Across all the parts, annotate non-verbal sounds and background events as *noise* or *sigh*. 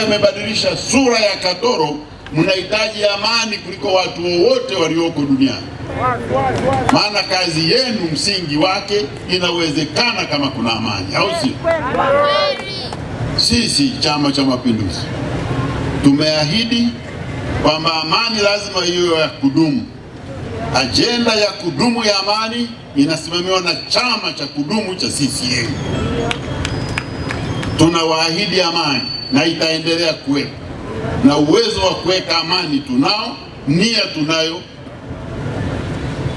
Amebadilisha sura ya Katoro. Mnahitaji amani kuliko watu wowote walioko duniani, maana kazi yenu msingi wake inawezekana kama kuna amani, au si? Sisi Chama cha Mapinduzi tumeahidi kwamba amani lazima iwe ya kudumu. Ajenda ya kudumu ya amani inasimamiwa na chama cha kudumu cha CCM. Tunawaahidi amani na itaendelea kuwepo, na uwezo wa kuweka amani tunao, nia tunayo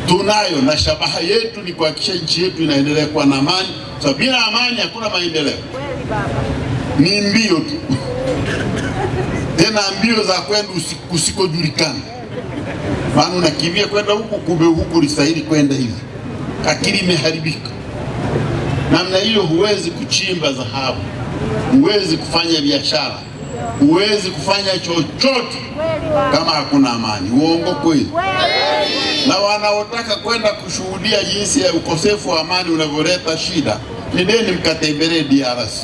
tunayo na shabaha yetu ni kuhakikisha nchi yetu inaendelea kuwa na amani, sababu bila amani hakuna maendeleo. Ni mbio tu *laughs* tena mbio za kwenda usikojulikana maana unakimbia kwenda huku, kumbe huku listahili kwenda hivi, akili imeharibika. Namna hiyo huwezi kuchimba dhahabu huwezi kufanya biashara, huwezi kufanya chochote kama hakuna amani. Uongo kweli? Na wanaotaka kwenda kushuhudia jinsi ya ukosefu wa amani unavyoleta shida, nendeni mkatembelee DRC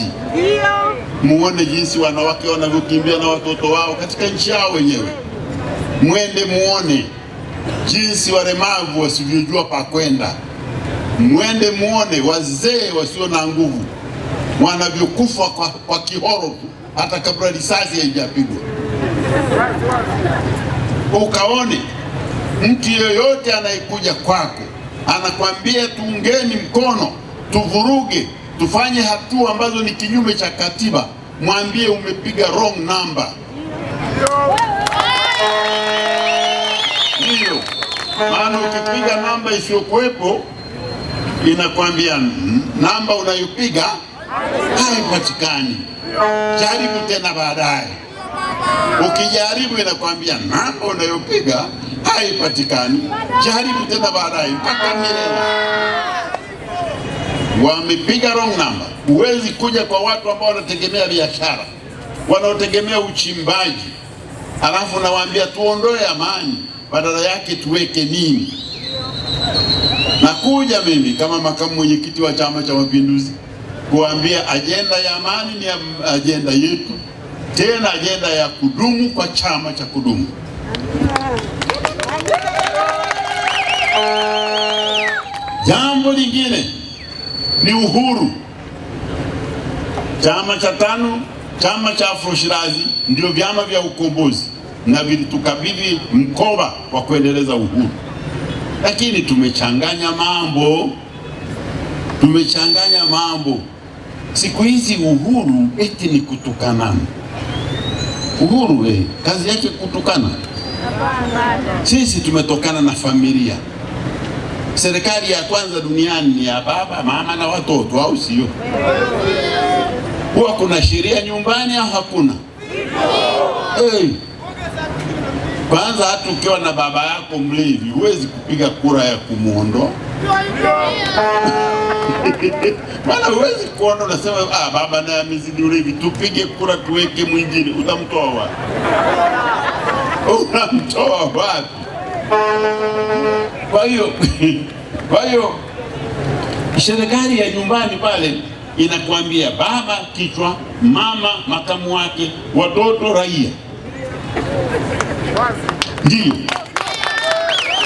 muone jinsi wanawake wanavyokimbia na watoto wao katika nchi yao wenyewe. Mwende muone jinsi walemavu wasivyojua pa kwenda. Mwende muone wazee wasio na nguvu wanavyokufa kwa, kwa kihoro hata kabla risasi haijapigwa. Ukaone mtu yoyote anayekuja kwako anakwambia tuungeni mkono, tuvuruge, tufanye hatua ambazo ni kinyume cha katiba, mwambie umepiga wrong namba. Hiyo maana ukipiga namba isiyokuwepo inakwambia namba unayopiga haipatikani. Jaribu tena baadaye, ukijaribu inakwambia namba unayopiga haipatikani. Jaribu tena baadaye mpaka milele. Wamepiga wrong number. Huwezi kuja kwa watu ambao wanategemea biashara, wanaotegemea uchimbaji, alafu nawaambia tuondoe amani, badala yake tuweke nini? Nakuja mimi kama makamu mwenyekiti wa Chama cha Mapinduzi kuambia ajenda ya amani ni ajenda yetu, tena ajenda ya kudumu kwa chama cha kudumu. Jambo lingine ni uhuru. Chama cha tano, chama cha Afro-Shirazi ndio vyama vya ukombozi na vilitukabidhi mkoba wa kuendeleza uhuru, lakini tumechanganya mambo, tumechanganya mambo. Siku hizi uhuru eti ni kutukana. Uhuru eh, kazi yake kutukana? Sisi tumetokana na familia. Serikali ya kwanza duniani ni ya baba, mama na watoto, au sio? Huwa kuna sheria nyumbani au hakuna? Hey. Kwanza hata ukiwa na baba yako mlevi huwezi kupiga kura ya kumwondoa *laughs* maana huwezi kuona unasema, ah, baba naye mizidi ulevi, tupige kura tuweke mwingine. Utamtoa wapi? Unamtoa wapi? Kwa hiyo *laughs* kwa hiyo serikali ya nyumbani pale inakwambia baba kichwa, mama makamu wake, watoto raia, ndio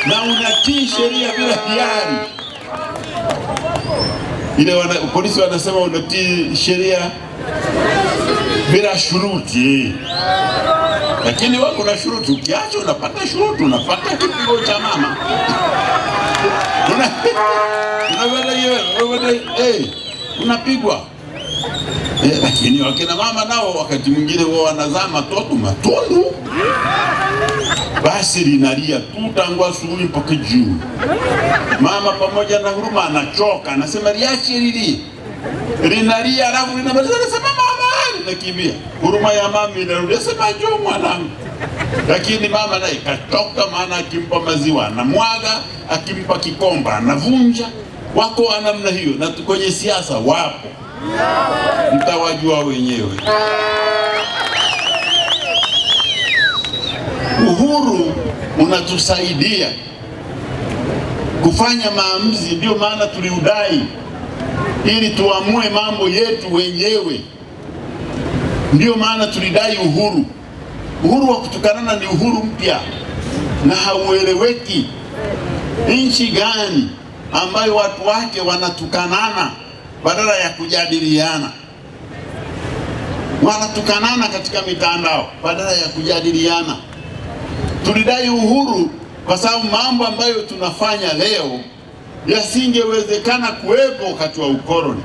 na unatii sheria bila hiari ile wana, polisi wanasema unatii sheria bila shuruti, lakini wako na shuruti. Ukiacha unapata shuruti, unapata kipigo cha mama eh, unapigwa eh, lakini wakina mama nao wakati mwingine wao wanazama totu matundu basi linalia tu tangu asubuhi mpaka jioni. Mama pamoja na huruma anachoka, anasema liache lili, linalia alafu linamaliza, anasema mama, linakimbia. Huruma ya mama inarudi, sema njoo mwanangu. Lakini mama naye katoka, maana akimpa maziwa anamwaga, akimpa kikomba anavunja. Wako wa namna hiyo, na kwenye siasa wapo, mtawajua wenyewe. unatusaidia kufanya maamuzi. Ndiyo maana tuliudai ili tuamue mambo yetu wenyewe. Ndiyo maana tulidai uhuru. Uhuru wa kutukanana ni uhuru mpya na haueleweki. Nchi gani ambayo watu wake wanatukanana badala ya kujadiliana? Wanatukanana katika mitandao badala ya kujadiliana. Tulidai uhuru kwa sababu mambo ambayo tunafanya leo yasingewezekana kuwepo wakati wa ukoloni.